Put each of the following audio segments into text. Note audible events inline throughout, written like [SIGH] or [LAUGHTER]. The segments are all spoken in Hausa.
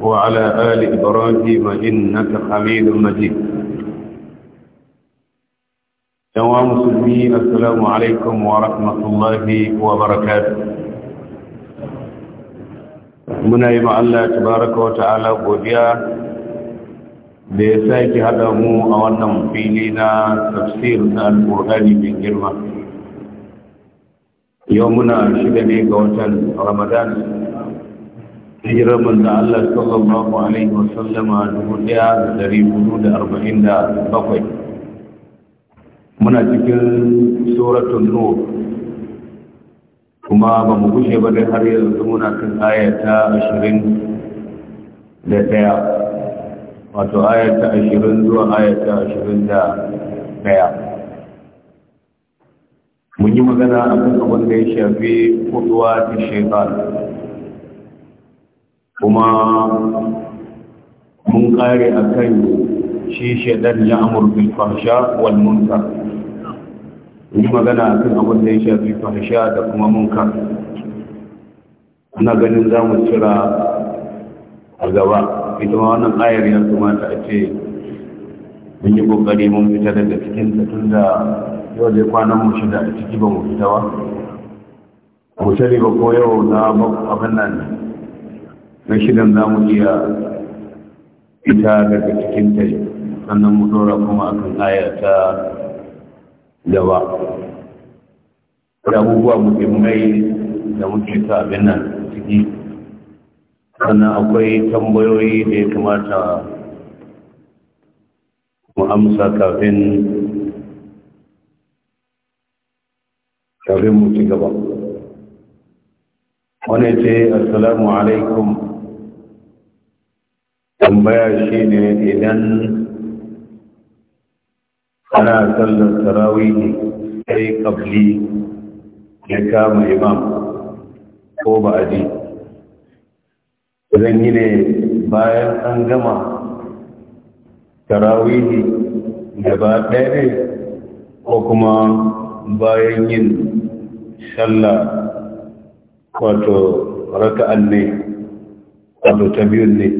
وعلى آل إبراهيم إنك حميد مجيد يا مسلمين السلام عليكم ورحمة الله وبركاته muna yi Allah tabaraka wa ala godiya da ya sake hada mu a wannan fili na tafsir na alƙur'ani mai girma yau muna shida ne ga watan ramadan hijira manzo Allah sallallahu alaihi wa sallama dubu ɗaya da dari hudu da arba'in da bakwai muna cikin suratun nur kuma ba mu gushe ba dai har yanzu muna kan aya ta ashirin da ɗaya wato aya ta ashirin zuwa aya ta ashirin da ɗaya mun yi magana a kan abin da ya shafi kuduwa ta shekaru kuma mun kare a kan shi shaidar ya amurfi fahasha wal munka yi magana a kan abin da ya shafi fahasha da kuma munka ana ganin za mu cira a gaba ita ma wannan ayar ya kamata a ce mun yi kokari mun fita daga cikin tun da yau dai kwanan mu shida a ciki ba mu fita ba mu ba ko yau na abin nan na shidan za mu iya ita daga cikin ta sannan mu dora kuma akan kan ayata gaba da abubuwa muhimmai da muke ta abin nan ciki sannan akwai tambayoyi da ya kamata mu amsa kafin kafin mu ci gaba wani ce assalamu alaikum tambaya shi ne idan ana sallar tarawihi sai kabli ya kama imam ko ba a ji zan yi ne bayan an gama tarawihi gaba ɗaya ko kuma bayan yin sallah wato raka'an ne wato ta biyun ne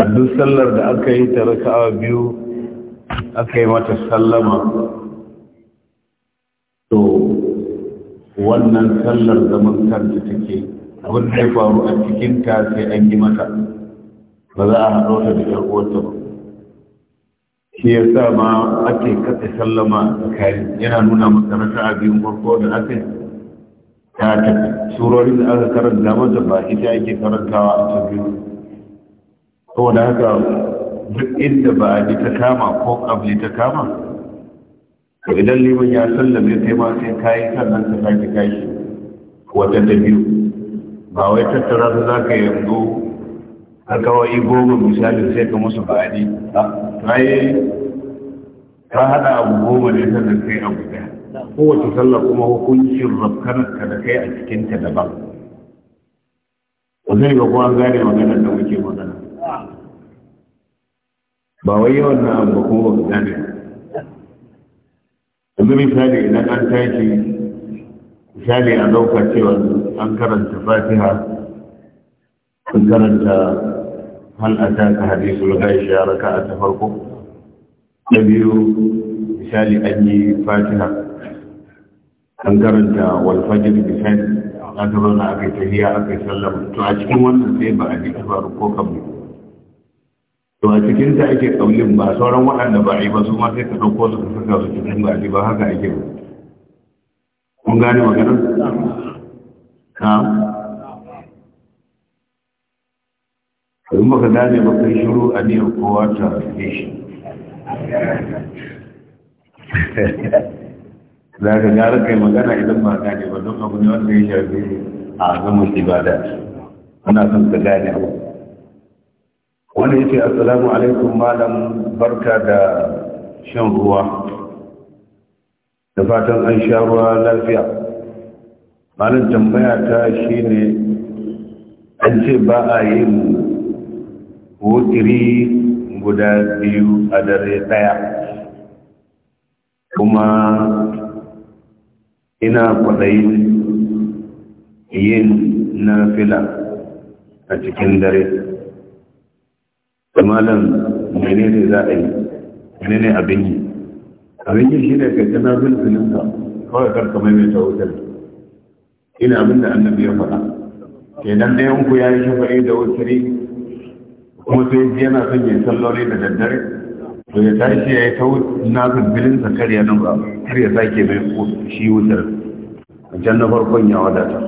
a duk sallar da aka yi ta raka'a biyu aka yi mata sallama to wannan sallar zaman kanta take abin da ya faru a cikinta sai an yi mata ba za a haɗo ta da ƴar'uwarta ba shi ya sa ma ake kasa sallama a tsakani yana nuna masa raka'a biyun farko da aka ta tafi surorin da aka karanta mata ba ita ake karantawa a cikin saboda haka duk inda ba a ji ta kama ko kabli ta kama to idan liman ya sallame sai ma sai kayi sannan ka sake kashi wata ta biyu ba wai tattara su za ka yanzu har kawai goma misali sai ka musu ba'adi ta yi ka hada abu goma ne sannan kai abu kowace sallah kuma hukuncin ka da kai a cikinta daban zai ga kuma gane maganar da muke magana ba wai yawan na abu kuma ba gane yanzu misali idan an tashi misali a ɗauka cewa an karanta fatiha an karanta hal ataka hadisul ka a ta farko na biyu misali an yi fatiha an karanta walfajir misali ta zauna aka yi tahiya aka yi sallama to a cikin wannan sai ba a ji ta farko kamar to a cikin ta ake kaulin ba sauran waɗanda ba yi ba su ma sai ka ɗauko su ka saka su cikin ba ba haka ake ba kun gane magana ha ba ka gane ba kai shiru a niyyar kowa ta rage shi za ka gara kai magana idan ba gane ba don abu ne wanda ya shafi a zama ibada ana son ka gane abu wanda yake ce assalamu alaikum malam barka da shan ruwa da fatan an sha ruwa lafiya malam tambaya ta shine an ce ba a yin wutiri guda biyu a dare daya kuma ina kwaɗayin yin na fila a cikin dare malam menene za a yi menene abin yi abin yi shi ne kai tana bin filinka kawai karka mai mai tawutar ina abin da annabi ya faɗa kenan ɗayan ku ya yi shafa'i da wuturi kuma sai yana son ya salloli da daddare to ya tashi ya yi ta nafin filinsa kar ya nan ba kar ya sake mai shi wutar a can na farkon ya wadata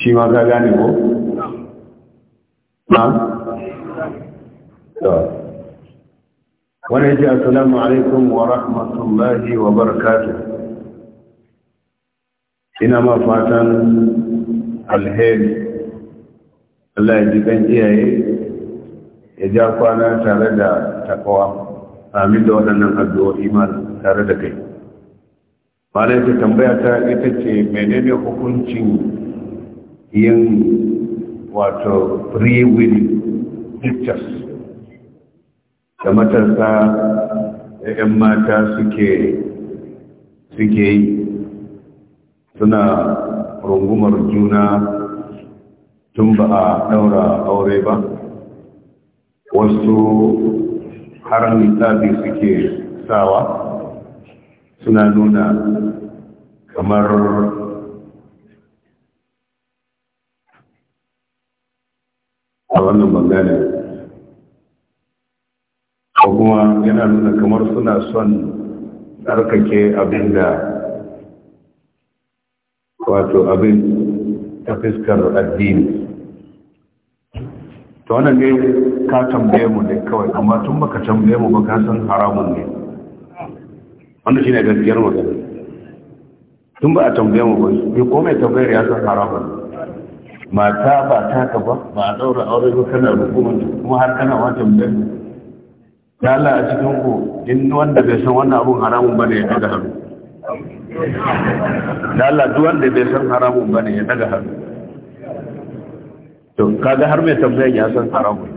shi ma ka gane ko wani ji asalamu alaikum wa rahmatullahi wa barakatu ina ma fatan alheri Allah ya ji kan iyaye ya ja kwana tare da takawa amin da waɗannan addu'o'i iman tare da kai malai ta tambaya ta ita ce menene hukuncin yin wato free will pictures da matasa da 'yan mata suke suke yi suna rungumar juna tun ba a ɗaura aure ba wasu har nitsabi suke sawa suna nuna kamar wannan bangare ko kuma yana nuna kamar suna son tsarkake abin da wato abin ta fiskar addini ta wannan ne ka tambaye mu ne kawai amma tun baka tambaye mu ba ka san haramun ne wanda shi ne gaskiyar magana tun ba a tambaye mu ba ya komai tambayar ya san haramun ne mata ba ta ka ba ba a daura aure ba kana hukumar kuma har kana wata Ya la a cikin ku in wanda bai san wannan abun haramun bane ya daga hannu dala duk wanda bai san haramun bane ya daga hannu to kaga har mai tambayan ya san haramun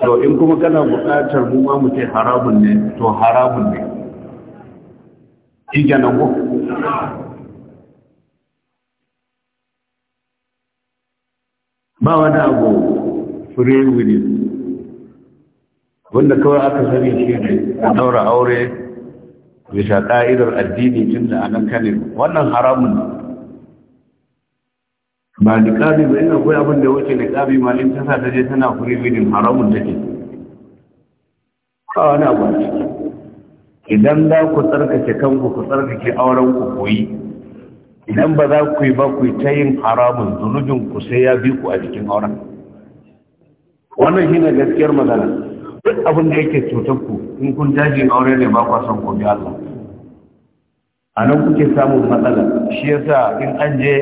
to in kuma kana buƙatar mu ma mu ce haramun ne to haramun ne shi kenan ko ba wani abu fure wuri wanda kawai aka sani shi ne a daura aure bisa ka'idar addini tun da anan kane wannan haramun ba niƙabi ba ina koya abin da wuce niƙabi ma ta sa ta je tana fure wuri haramun take ba wani abu idan za ku tsarkake kanku ku tsarkake auren ku koyi idan ba za ku yi ba ku ta yin haramun zunubin ku sai ya bi ku a jikin auren wannan shi ne gaskiyar magana duk abin da yake cutar ku in kun jajin aure ne ba kwa son ku bi Allah a nan kuke samun matsala shi yasa in an je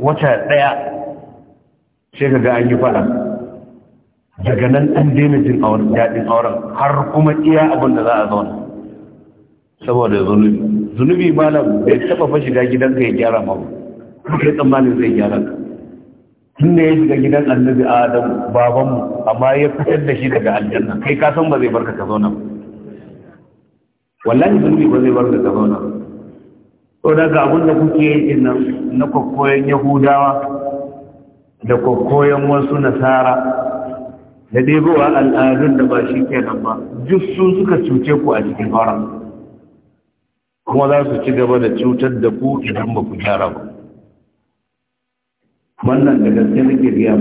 wata ɗaya sai ka ga an yi faɗa daga nan an daina jin daɗin auren har kuma iya abin da za a zauna saboda zunubi zunubi malam bai taba fa shiga gidanka ya gyara ma ba kai tsammanin zai gyara ka tun da ya shiga gidan annabi adam baban mu amma ya fitar da shi daga aljanna kai ka san ba zai barka ka zauna ba wallahi zunubi ba zai barka ka zauna ba to daga abin da kuke yi nan na kokoyen yahudawa da kokoyen wasu nasara da dai al'adun da ba shi kenan ba duk sun suka cuce ku a cikin fara. kuma za su ci gaba da cutar da ku idan ba ku gyara ba wannan da gaske nake riya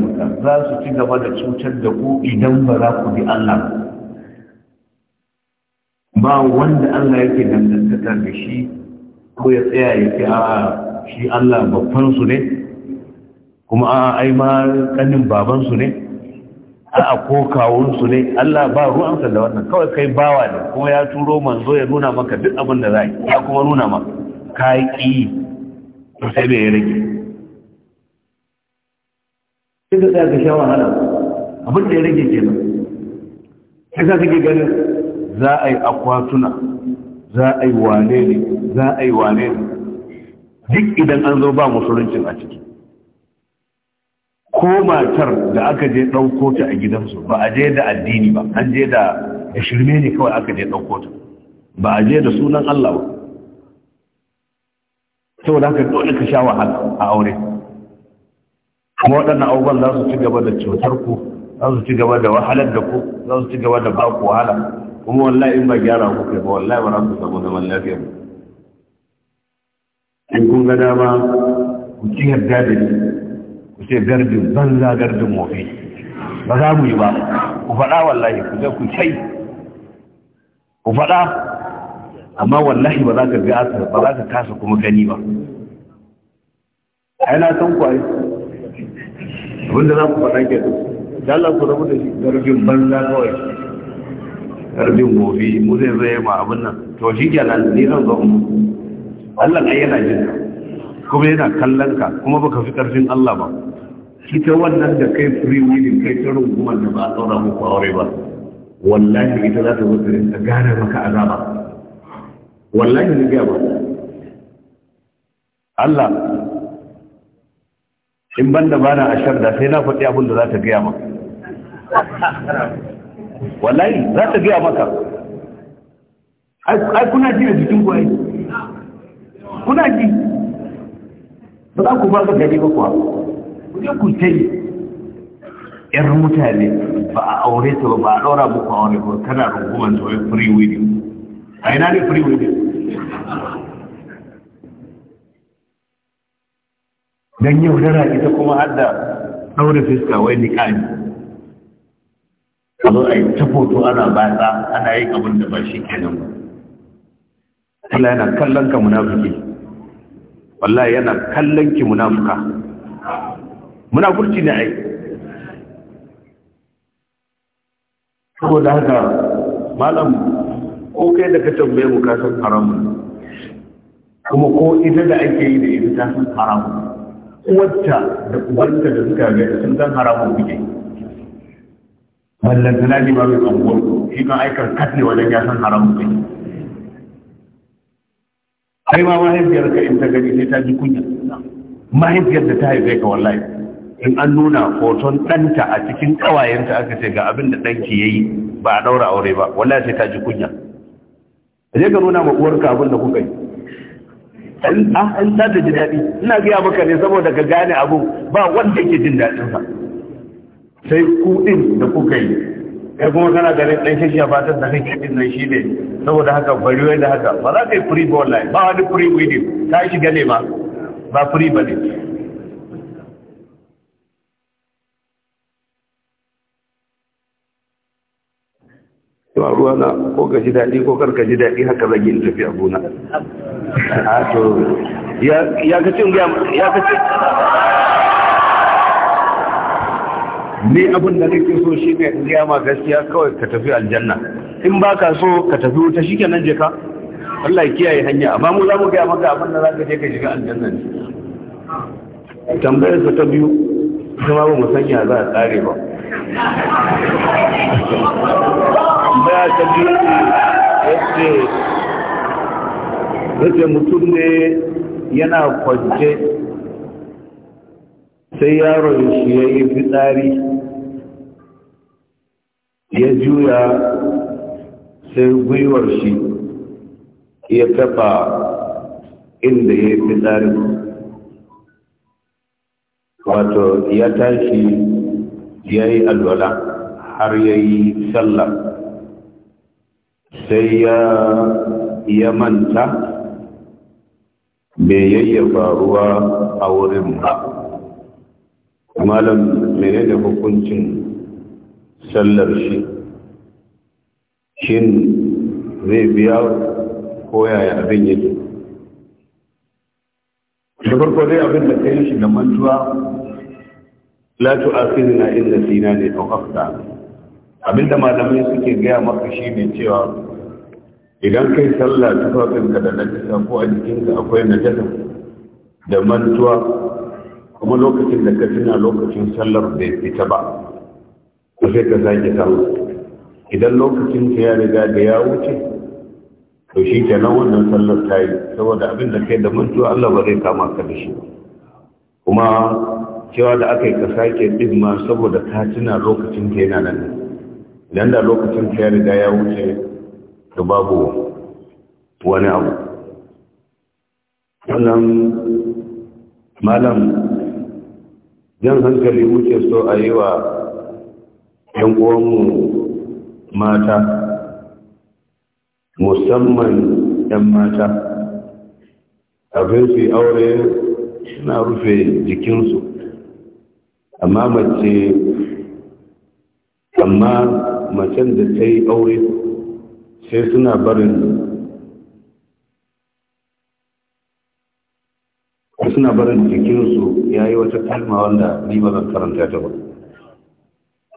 za su ci gaba da cutar da ku idan ba za ku bi Allah ba wanda Allah yake dangantaka da shi ko ya tsaya ya ce a shi Allah babban su ne kuma a ai ma kanin baban su ne a ko kawunsu ne Allah ba ruwansa da wannan kawai kai bawa ne kuma ya turo manzo ya nuna maka duk abin da za ya kuma nuna maka ka yi to sai bai rage sai ka tsaya ka sha wahala abin da ya rage kenan sai ka kike ganin za a yi akwatuna za a yi wane ne za a yi wane ne duk idan an zo ba musuluncin a ciki ko matar da aka je ɗauko ta a gidansu ba a je da addini ba an je da shirme ne kawai aka je ɗauko ta ba a je da sunan Allah ba saboda haka dole ka sha wahala a aure kuma waɗannan abubuwan za su ci gaba da cutar ku za su ci gaba da wahalar da ku za su ci gaba da ba ku wahala kuma wallahi in ba gyara ku kai ba wallahi ba za ku samu zaman lafiya in kun ga dama ku ci yarda da ni ku ce gardin banza gardin mofi ba za mu yi ba ku faɗa wallahi ku ce ku cai ku faɗa amma wallahi ba za ka ga asar ba za ka kasa kuma gani ba ai na san kwaye abinda za ku faɗa ke da Allah ku rabu da shi gardin banza kawai gardin mofi mu zai zai ma abin nan to shi kenan ni zan zo mu Allah ne yana jin kuma yana kallon ka kuma baka fi karfin Allah ba ita wannan da kai free willing kai ta rungumar da ba a tsora muku aure ba wallahi ita za ta zo ta gane maka azaba wallahi ni ga ba Allah in ban da bana a sharda sai na faɗi abin da za ta gaya maka wallahi za ta gaya maka ai kuna ji a jikin kwaye kuna ji ba za ku ba ka gari ba kuwa ku je ku ta yi yar mutane ba a aure ta ba ba a ɗaura muku a wani kuma kana rungumar ta wai free winning a ina ne free winning don yau dara ita kuma har da ɗaure fiska wai kani a zo a yi ta foto ana batsa ana yin abin da ba shi kenan ba Allah yana kallon ka munafiki wallahi yana kallon ki munafuka munafurci ne ai saboda haka malam ko kai da ka tambaye mu ka san haramun kuma ko ita da ake yi da ita ta san haramu wacce da uwarta da suka ga sun san haramun kuke ballan tana ba mai tsangon shi kan aikar kat ne wajen ya san haramun kuke kai ma mahaifiyar ka in ta gani sai ta ji kunya mahaifiyar da ta haife ka wallahi in an nuna hoton ɗanta a cikin kawayenta aka ce ga abin da ɗanki ya yi ba a ɗaura aure ba wallahi sai ta ji kunya je ka nuna ma uwarka abin da kuka yi ah, an za ta ji daɗi ina gaya maka ne saboda ka gane abu ba wanda ke jin daɗinsa sai kuɗin da kuka yi kai kuma kana ganin dan shi ya fatan da kake din nan shi ne saboda haka bari wai da haka ba za ka yi free ba wallahi ba wani free within ka shi gane ma ba free ba ne ba ruwa na ko ka ji daɗi ko karka ji daɗi haka zage in tafiya abuna a [LAUGHS] ah, to ya ga ya ga ni abin da nake so shi ne in ma gaskiya kawai ka tafi aljanna in ba ka so ka tafi wuta shi kenan je ka Allah ya kiyaye hanya amma mu za mu gaya maka abin da za ka je ka shiga aljanna ne tambayar ta biyu kuma ba mu sanya za a tsare ba tambaya ta biyu yace yace mutum ne yana kwance sai yaron shi ya yi fitsari ya juya sai gwiwar shi ya taba inda ya fi tsari wato ya tashi ya yi alwala har ya yi sallah sai ya manta bai yayyafa ruwa a wurin ba malam mene da hukuncin sallar shi shin zai biya ko yaya abin yake da farko zai abin da kai shi da mantuwa la na inda nasina ne aw akhtana abin da malamai suke gaya maka ne cewa idan kai sallah ka da najasa ko a jikinka akwai najasa da mantuwa kuma lokacin da ka tuna lokacin sallar bai fita ba to sai ka sake samu idan lokacin ka ya riga da ya wuce to shi nan wannan sallar ta yi saboda abin da kai da mantuwa Allah ba zai kama ka da shi kuma cewa da aka yi ka sake din ma saboda ka tuna lokacin ka yana nan idan da lokacin ka ya riga ya wuce to babu wani abu wannan malam jan hankali wuce so a yi wa 'yan uwanmu mata musamman 'yan mata kafin su aure suna rufe jikinsu amma mace amma macen da ta yi aure sai suna barin suna barin jikinsu ya yi wata kalma wanda ni ba zan karanta ta ba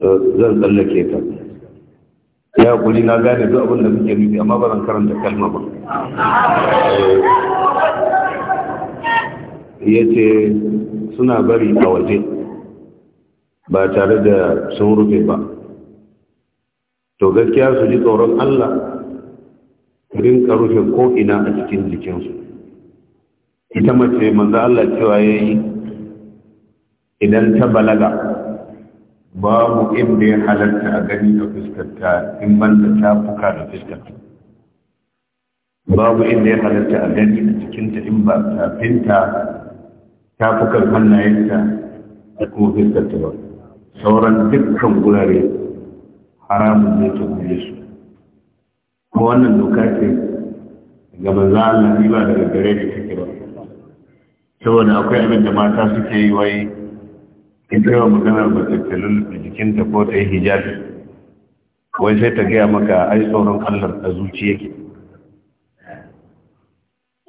zan tsallake ta ya kuli na gane duk abin da muke nufi amma ba karanta kalma ba eh, ya ce suna bari a waje ba tare da sun rufe ba to gaskiya su ji tsoron allah rinka rufe ko ina a cikin jikinsu ita mace manzo allah cewa ya yi idan ta balaga babu inda ya halarta a gani a fuskarta in banda tafuka da fuskarta babu inda ya halarta a gani a cikinta in ba tafinta tafukan hannayenta da kuma fuskarta ba sauran dukkan gurare haramun ne ta guje su ko wannan doka ce ga maza, Allah ba daga gare da take ba saboda akwai abin da mata suke yi wai in yi wa maganar matattalin jikinta ko ta yi hijabi wai sai ta gaya maka ai tsoron allar a zuci yake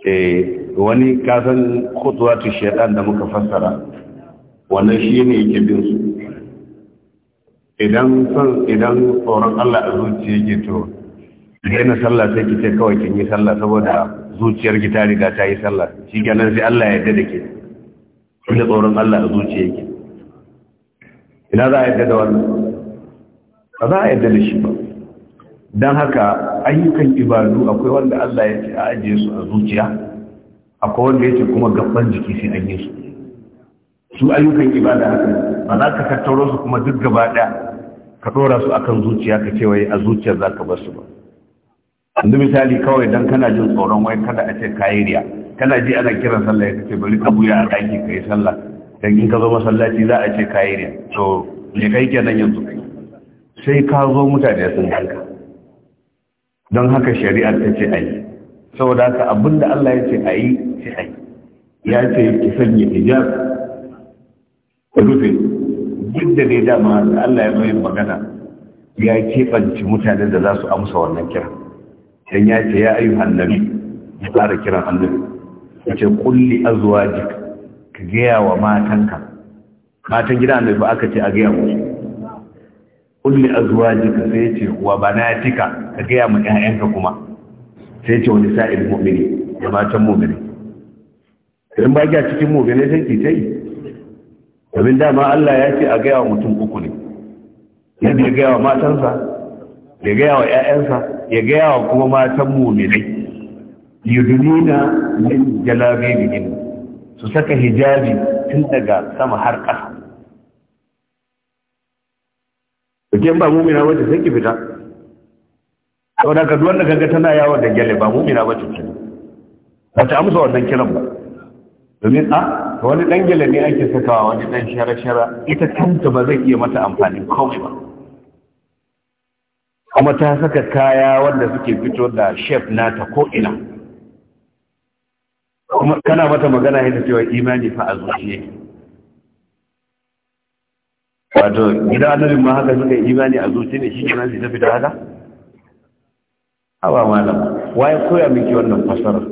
eh, wani kasan ta shaitan da muka fassara wannan shi ne yake bin su idan son idan tsoron allar a zuci yake to daina sallah sai ki ce kawai kin yi sallah saboda zuciyar ki ta riga ta yi sallah shi ganin sai Allah ya yarda da ke da tsoron allar a zuciya ke. ina za a yadda da wannan ba za a yadda da shi ba don haka ayyukan ibadu akwai wanda Allah ya ce a ajiye su a zuciya akwai wanda ya ce kuma gaban jiki sai an yi su su ayyukan ibada haka ba za ka tattaro su kuma duk gaba ɗaya ka ɗora su akan zuciya ka ce wai a zuciyar za ka bar su ba yanzu misali kawai dan kana jin tsoron wai kada a ce kayi riya kana ji ana kiran sallah ya ce bari ka buya a ɗaki ka yi sallah dan in ka zo masallaci za a ce kayi ne to me kai kenan yanzu sai ka zo mutane sun halka don haka shari'ar ta ce ayi saboda haka abinda Allah ya ce ayi ce ayi ya ce ki sanya hijab ku rufe duk da dai dama Allah ya zo magana ya keɓance mutane da za su amsa wannan kira dan ya ce ya ayyuhan nabi ya fara kiran annabi ya ce kulli azwajika ka gaya wa matanka matan gida ba aka ce a gaya musu kulli azwajika sai ce wa banatika ka gaya mu ƴaƴanka kuma sai ce wani sa'il mu'mini da matan mu'mini in ba a cikin mu'mini sai ki tai domin dama Allah ya ce a gaya wa mutum uku ne ya ya gaya wa matansa ya gaya wa ƴaƴansa ya gaya wa kuma matan mu'mini yudunina min jalabibihin su saka hijabi tun daga sama har ƙasa Bikin ba mumina wace sai ki fita, sau da kaduwan da kaga tana yawon da gyale ba mumina wace ce, wace ta amsa wannan kiran ba. Domin a, ah, ta wani ɗan gyale ne ake sakawa wani ɗan shara-shara ita kanta ba zai iya mata amfani kawai ba. Kuma ta saka kaya wanda suke fito da shef nata ko ina. kuma kana mata magana yadda cewa imani fa a zuciya wato gida annabin ma haka suka yi imani a zuciya ne shi ne nan su tafi da haka hawa malam waye koya miki wannan fasarar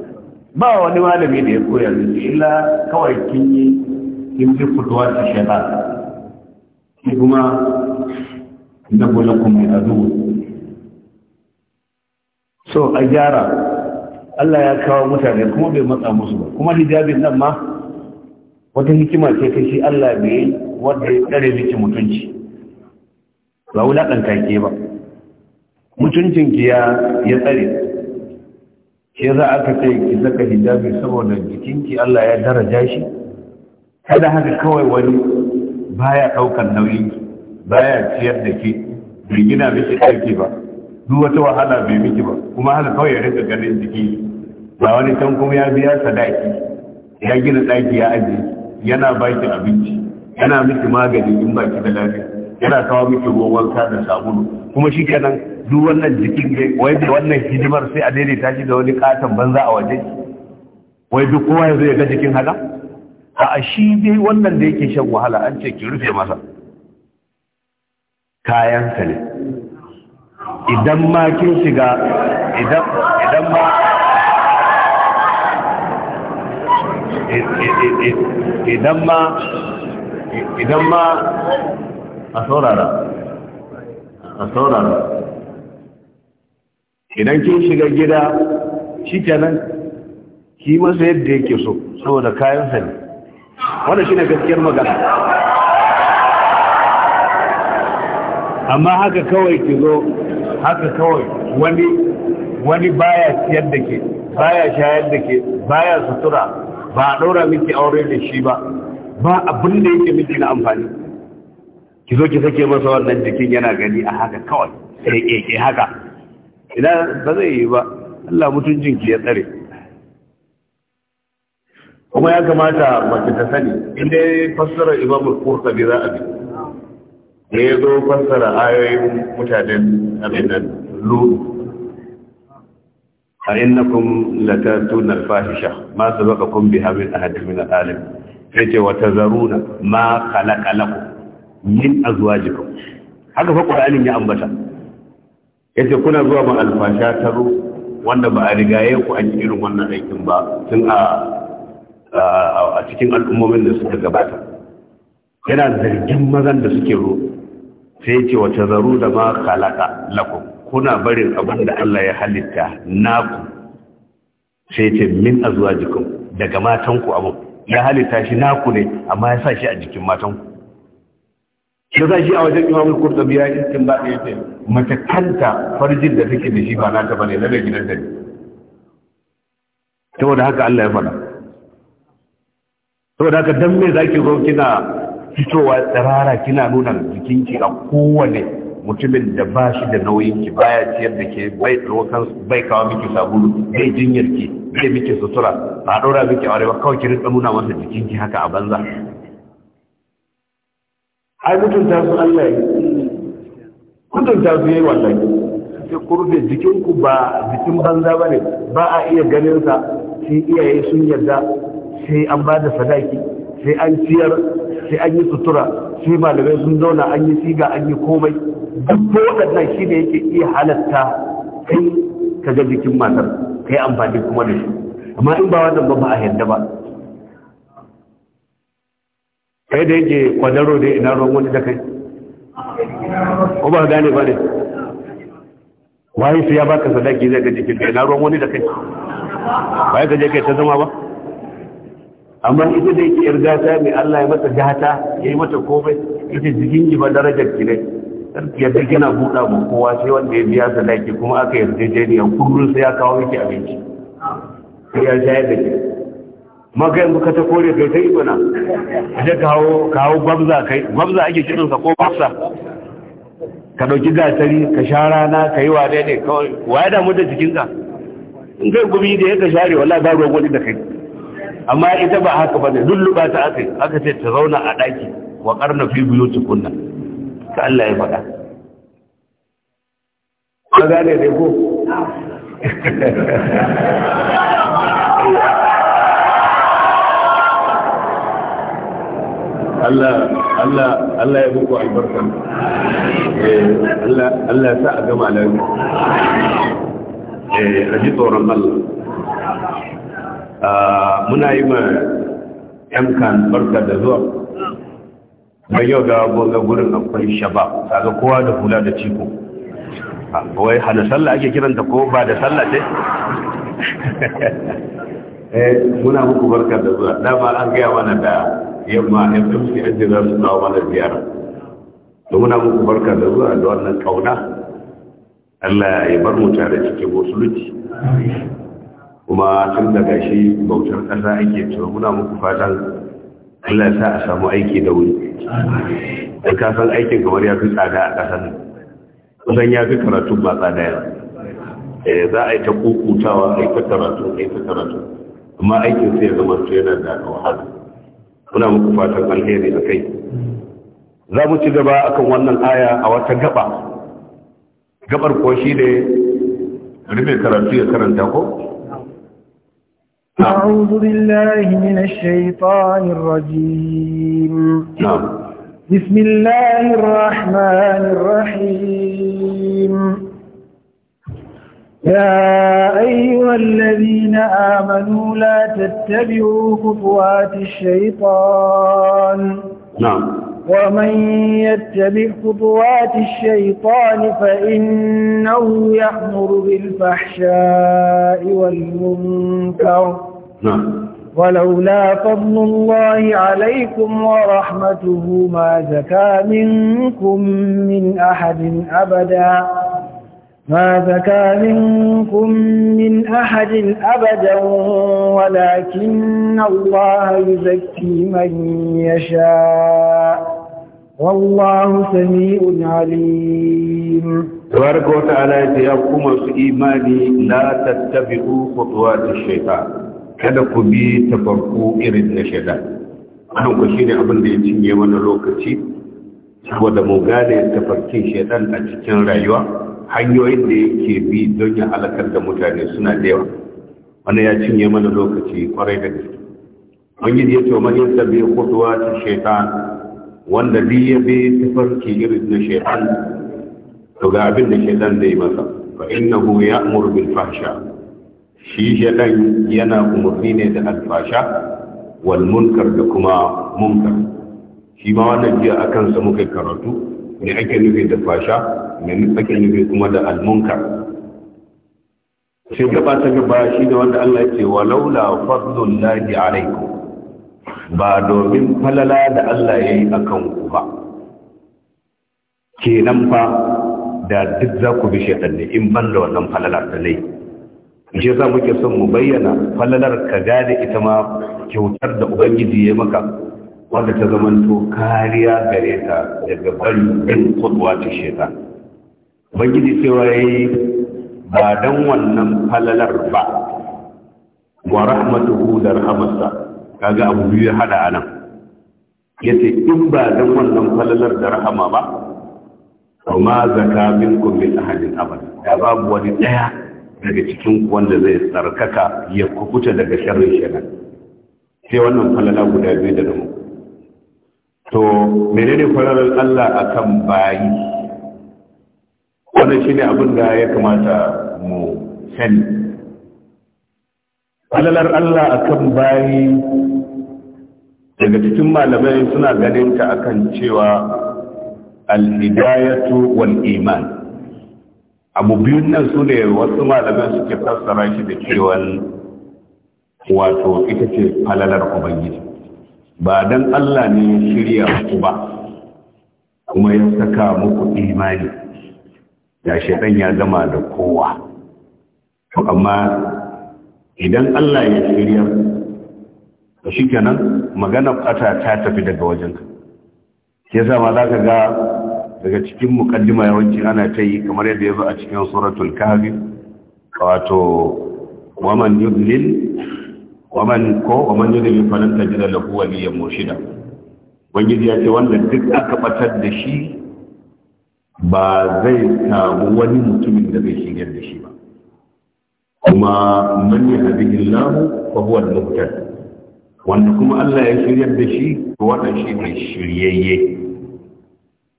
ba wani malami da ya koya miki illa kawai kin yi kin bi fitowa ta shaɗa shi kuma na bolan mai azu so a gyara Allah ya kawo mutane kuma bai matsa musu ba kuma hijabin nan ma wata hikima ce ta shi Allah bai wanda ya tsare miki mutunci ba wulaƙanta ke ba mutuncin ki ya ya tsare ke za aka ce ki saka hijabi saboda jikinki Allah ya daraja shi kada haka kawai wani baya ɗaukar nauyin baya ciyar da ke bai gina miki ɗauki ba duk wata wahala bai miki ba kuma haka kawai ya rika ganin jiki ba wani can kuma ya biya sadaki ya gina daki ya aji yana baki abinci yana miki magani in baki da lafiya yana kawo miki ruwan wanka da sabulu kuma shi kenan duk wannan jikin wai da wannan hidimar sai a daidaita shi da wani katon banza a waje wai duk kowa ya zo ya ga jikin haka a shi dai wannan da yake shan wahala an ce ki rufe masa kayansa ne idan ma kin shiga idan ma idan ma idan ma a saurara a saurara idan kin shiga gida shi kenan ki masa yadda yake so saboda kayansa ne wanda shi ne gaskiyar magana amma haka kawai ki zo haka kawai wani wani baya siyar da ke baya shayar da ke baya sutura ba a ɗaura miki aure da shi ba ba abin da yake miki na amfani ki zo ki sake masa wannan jikin yana gani a haka kawai sai keke haka idan ba zai yi ba Allah mutuncin ki ya tsare kuma ya kamata mace ta sani inda ya fassara imam al za a bi da ya zo fassara ayoyin mutanen abin nan lu a innakum latatuna alfahisha ma sabaqakum biha min ahadin min alalim ce wa tazaruna ma khalaqa lakum min azwajikum haka fa qur'anin ya ambata yace kuna zuwa ma alfasha taro wanda ba a rigaye ku an irin wannan aikin ba tun a cikin al'ummomin da suka gabata yana zargin mazan da suke ro sai ce wa tazaru da ma khalaqa lakum kuna barin abin da Allah ya halitta naku sai ce min jikin daga matanku abin ya halitta shi naku ne amma ya sa shi a jikin matanku ya za shi a wajen imamul kurtabi ya yi cikin baɗe ya ce mace kanta farjin da take da shi ba nata bane na da gidan dare saboda haka Allah ya faɗa saboda haka dan me zaki zo kina fitowa tsirara kina nuna jikinki a kowane mutumin da ba shi da nauyin ki baya ciyar da ke bai tsokan bai kawo miki sabulu bai jinyar ki bai miki sutura ba ɗora miki aure ba kawai ki rinka nuna masa jikin ki haka a banza ai mutunta su Allah ya mutunta su yayi wannan sai kurbe jikin ku ba jikin banza bane ba a iya ganin sa sai iyaye sun yarda sai an ba da sadaki sai an ciyar sai an yi sutura shi malamai sun zauna an yi siga an yi komai duk waɗannan shi ne yake iya halatta kai ka ga jikin matar ka yi amfani kuma da shi amma in ba wannan ba ba a yadda ba kai da yake kwadaro da ina ruwan wani da kai ko ba gane ba ne waye sai ya baka sadaki zai ga jikin kai ina ruwan wani da kai ba ya gaje kai ta zama ba amma ita da yake yarda ta mai Allah ya mata gata ya yi mata komai ita jikin ji ba darajar ki ne yadda kina buɗa mu kowa sai wanda ya biya sadaki kuma aka yarjejeniya kullum sai ya kawo miki abinci sai ya shayar da ke maka yanzu ka ta kore kai ta ibana ka kawo kawo babza kai babza ake kiransa ko babza ka ɗauki gatari ka sha rana ka yi wane ne kawai wa ya damu da jikinka in kai gumi da ya ka share wallahi ba ruwan wani da kai amma ita ba haka ba ne lulluɓa ta aka aka ce ta zauna a ɗaki wa ƙarna fi biyu nan ta Allah ya faɗa ka gane ne ko Allah Allah Allah ya buku albarka eh Allah Allah ya sa a gama lafiya eh aji tsoron Allah Ah, muna yi ma 'yan kan barka da zuwa mai yau ga gonga gurin akwai shaba ga kowa da hula da ciko ah, wai hana sallah ake kiranta ko ba da sallah ce [LAUGHS] eh, muna muku barka da zuwa dama an gaya mana da yamma FMC an za su kawo mana ziyara da muna muku barka da zuwa da wannan kauna Allah ya bar mu tare cikin musulunci kuma tun daga shi bautar ƙasa ake cewa muna muku fatan Allah sa a samu aiki da wuri ka kasan aikin kamar ya fi tsada a ƙasar nan. kusan ya fi karatun ba tsada ya eh, za a yi ta kukutawa a yi ta karatu a yi ta karatu amma aikin sai ya zama to yana da wahala muna muku fatan alheri a kai za mu ci gaba akan wannan aya a wata gaba gabar ko shi ne rufe karatu ya karanta ko أعوذ بالله من الشيطان الرجيم نعم. بسم الله الرحمن الرحيم يا أيها الذين آمنوا لا تتبعوا خطوات الشيطان نعم ومن يتبع خطوات الشيطان فإنه يأمر بالفحشاء والمنكر نعم ولولا فضل الله عليكم ورحمته ما زكى منكم من أحد أبدا ما زكى منكم من أحد أبدا ولكن الله يزكي من يشاء والله سميع عليم تبارك وتعالى يتيقكم في إيماني لا تتبعوا خطوات الشيطان kada ku bi farko irin na shaidan wannan ku shine abin da ya cinye mana lokaci saboda mu gane tafarkin shaidan a cikin rayuwa hanyoyin da yake bi don ya halakar da mutane suna da yawa wannan ya cinye mana lokaci kwarai da gaske mun yi yace mai yasa bi khudwa ta shaitan wanda bi ya bi tafarki irin na shaidan, to ga abin da da yi masa fa innahu ya'muru bil fahsha shi shaɗan yana umarni ne da alfasha wal munkar da kuma munkar shi ma wannan jiya a kansa muka karatu ne ake nufi da fasha ne ake nufi kuma da almunkar sai gaba ta gaba shi da wanda Allah ya ce Laula, fadlun lahi alaikum ba domin falala da Allah yayi yi a ba kenan fa da duk za ku bi shaɗan ne in ban da wannan falala da lai shi yasa muke son mu bayyana falalar ka gane ita ma kyautar da ubangiji ya maka wanda ta zamanta kariya gare ta daga bari din kudwa ta sheta ubangiji cewa yayi ba dan wannan fallalar ba wa rahmatuhu da rahamarsa kaga abu biyu ya hada anan yace in ba dan wannan falalar da rahama ba ma zaka minkum bil ahadin abada babu wani daya daga cikin wanda zai tsarkaka ya kubuta daga sharrin shaitan sai wannan falala guda biyu da mu to menene falalar Allah akan bayi wannan shine abin da ya kamata mu sani falalar Allah akan bayi daga cikin malamai suna ganin ta akan cewa al-hidayatu wal iman abu biyun nan su ne wasu malaman suke fassara shi da cewan wato ita ce falalar ubangiji ba don Allah ne ya shirya ku ba kuma ya saka muku imani da shaidan ya zama da kowa to amma idan Allah ya shirya to shikenan magana ƙata ta tafi daga wajenka Yasa sa ma za ka ga daga cikin mukaddima yawanci ana ta yi kamar yadda ya zo a cikin suratul kahfi wato waman yudlil waman ko waman yudlil falan tajida lahu waliyan murshida ubangiji ya ce wanda duk aka batar da shi ba zai samu wani mutumin da zai shigar da shi ba kuma man yahdihi Allah fa huwa al-muhtad wanda kuma Allah ya shiryar da shi to wannan shi ne shiryayye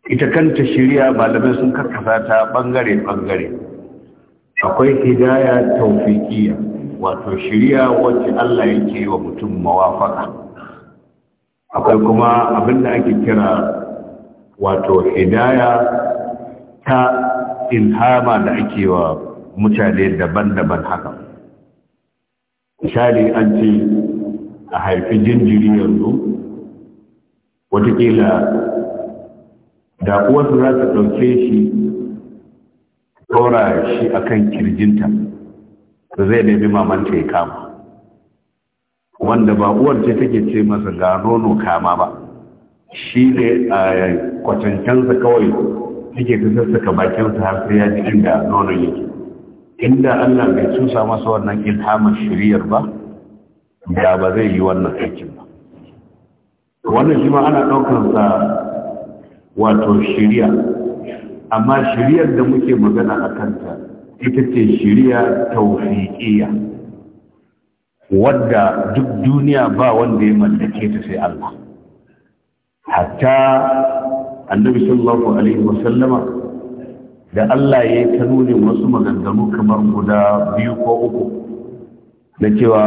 ita kanta shirya malamai sun karkasa ta bangare-bangare akwai hidaya taufikiya wato shirya wacce Allah yake wa mutum mawafaka akwai kuma abinda ake kira wato hidaya ta ilhama da ake wa mutane daban-daban haka misali an ce a haifi jinjiri yanzu watakila da uwarsa za ta ɗauke shi ɗora shi a kan kirjinta zai nemi mamanta ya kama wanda ba uwar ce take ce masa ga nono kama ba shi ne a kwacancansa kawai take ta sassaka bakinsa har sai ya ji inda nono yake inda Allah bai cusa masa wannan ilhamar shiriyar ba da ba zai yi wannan aikin ba wannan shi ma ana ɗaukarsa wato shirya, amma shiryar da muke magana a kanta ita ce shirya taufiƙiya wadda duk duniya ba wanda ya mallake ta sai Allah hatta annabi sallallahu alaihi wasallama da Allah ya yi ta nuna wasu maganganu kamar guda biyu ko uku da cewa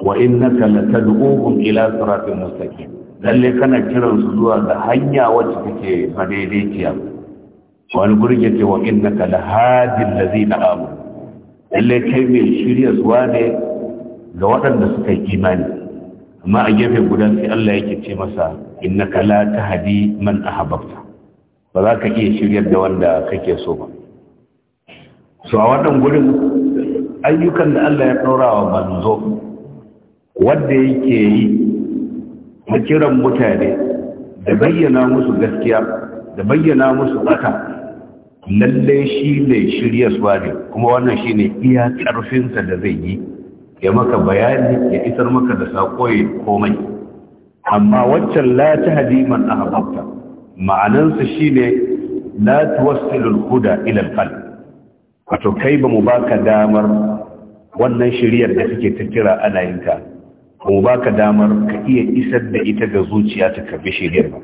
wa innaka latad'uhum ila siratin mustaqim lalle kana kiran su zuwa ga hanya wacce take madaidaiciya wani gurin yake wa innaka lahadil ladina amanu lalle kai mai shirya zuwa ne ga waɗanda suka yi imani amma a gefe guda sai Allah yake ce masa kala la hadi man habarta. ba za ka iya shiryar da wanda kake so ba so a wannan gurin ayyukan da Allah ya ɗora wa manzo wanda yake yi na kiran mutane da bayyana musu gaskiya da bayyana musu tsaka lalle shi ne shiryaswa ne kuma wannan shi ne iya ƙarfinsa da zai yi ya maka bayani ya isar maka da saƙo ya komai amma waccan la ta hadiman a haɓarta ma'anansa shi ne la wasu lulkuda ilal fal. wato kai ba mu baka damar wannan shiryar da suke ta kira ana yinka ba ka baka damar ka iya isar da ita ga zuciya ta karbi shirya ba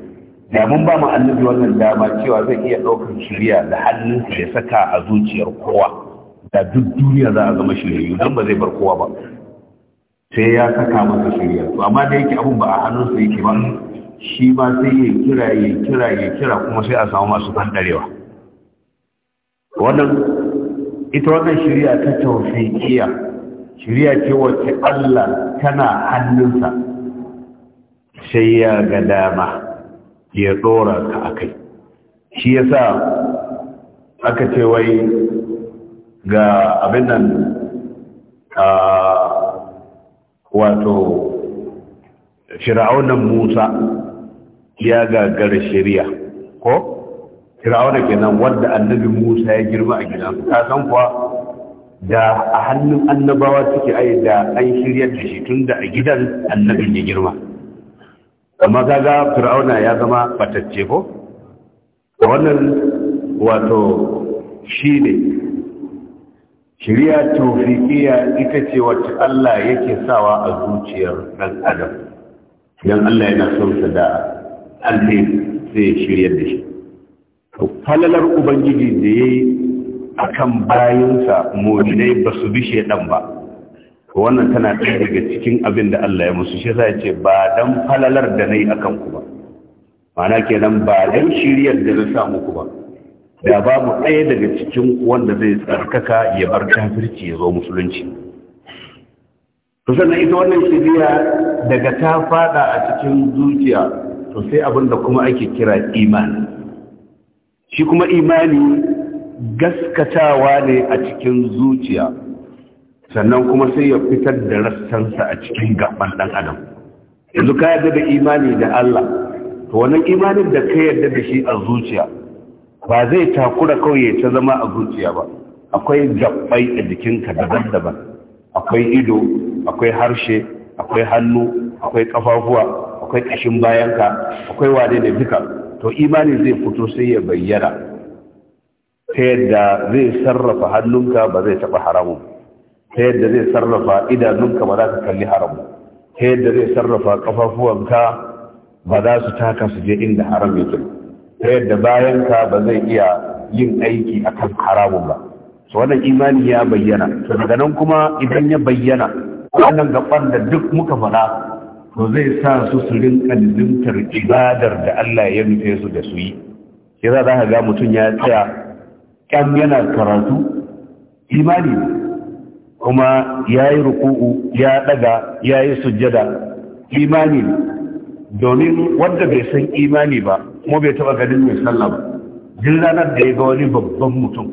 da mun ba mu annabi wannan dama cewa zai iya ɗaukar shirya da hannunsa ya saka a zuciyar kowa da duk duniya za a zama shiryayyu don ba zai bar kowa ba sai ya saka masa shirya to amma da yake abun ba a hannunsa yake ba shi ba sai ya kira ya kira ya kira kuma sai a samu masu fandarewa wannan ita wannan shirya ta tausayiya shirya ce wacce Allah tana hannunsa sai ya ga dama ya ɗora ka a kai shi ya sa aka ce wai ga abin nan wato shira'aunan musa ya gagara shirya ko shira'aunan kenan wadda annabi musa ya girma a gidansu ta san kuwa da a hannun annabawa suke ai da an shiryar da shi tun da a gidan annabin ya girma amma kaga fir'auna ya zama batacce ko wannan wato shi ne shirya taufiƙiya ita ce wacce Allah yake sawa a zuciyar ɗan adam idan Allah yana son sa da alheri sai shiryar da shi falalar ubangiji da ya yi akan bayansa mu'minai ba su bi shaidan ba wannan tana ɗaya daga cikin abin da Allah ya musu shi sai ce ba dan falalar da nayi akan ku ba mana kenan ba dan shiryar da zai sa muku ba da babu ɗaya daga cikin wanda zai tsarkaka ya bar kafirci ya zo musulunci to sannan ita wannan shiriya daga ta fada a cikin zuciya to sai abin da kuma ake kira imani shi kuma imani gaskatawa ne a cikin zuciya sannan kuma sai ya fitar da rassansa a cikin gaban ɗan adam yanzu ka yarda da imani da Allah to wannan imanin da ka yarda da shi a zuciya ba zai takura kawai ta zama a zuciya ba akwai gabbai a jikinka daban-daban akwai ido akwai harshe akwai hannu akwai kafafuwa akwai ƙashin bayanka akwai wane ne duka to imani zai fito sai ya bayyana ta yadda zai sarrafa hannunka ba zai taɓa haramun ta yadda zai sarrafa idanunka ba za ka kalli haramun ta yadda zai sarrafa ƙafafuwanka ba za su taka su je inda haram yake ta yadda bayanka ba zai iya yin aiki akan haramun ba su wannan imani ya bayyana to daga nan kuma idan ya bayyana wannan gaban da duk muka faɗa to zai sa su su rinka ibadar da Allah ya rufe su da su yi sai za ka ga mutum ya tsaya ƙyam yana karatu imani kuma ya yi ruku'u ya ɗaga ya yi sujjada imani domin wanda bai san imani ba kuma bai taɓa ganin mai sallah ba jin ranar da ya ga wani babban mutum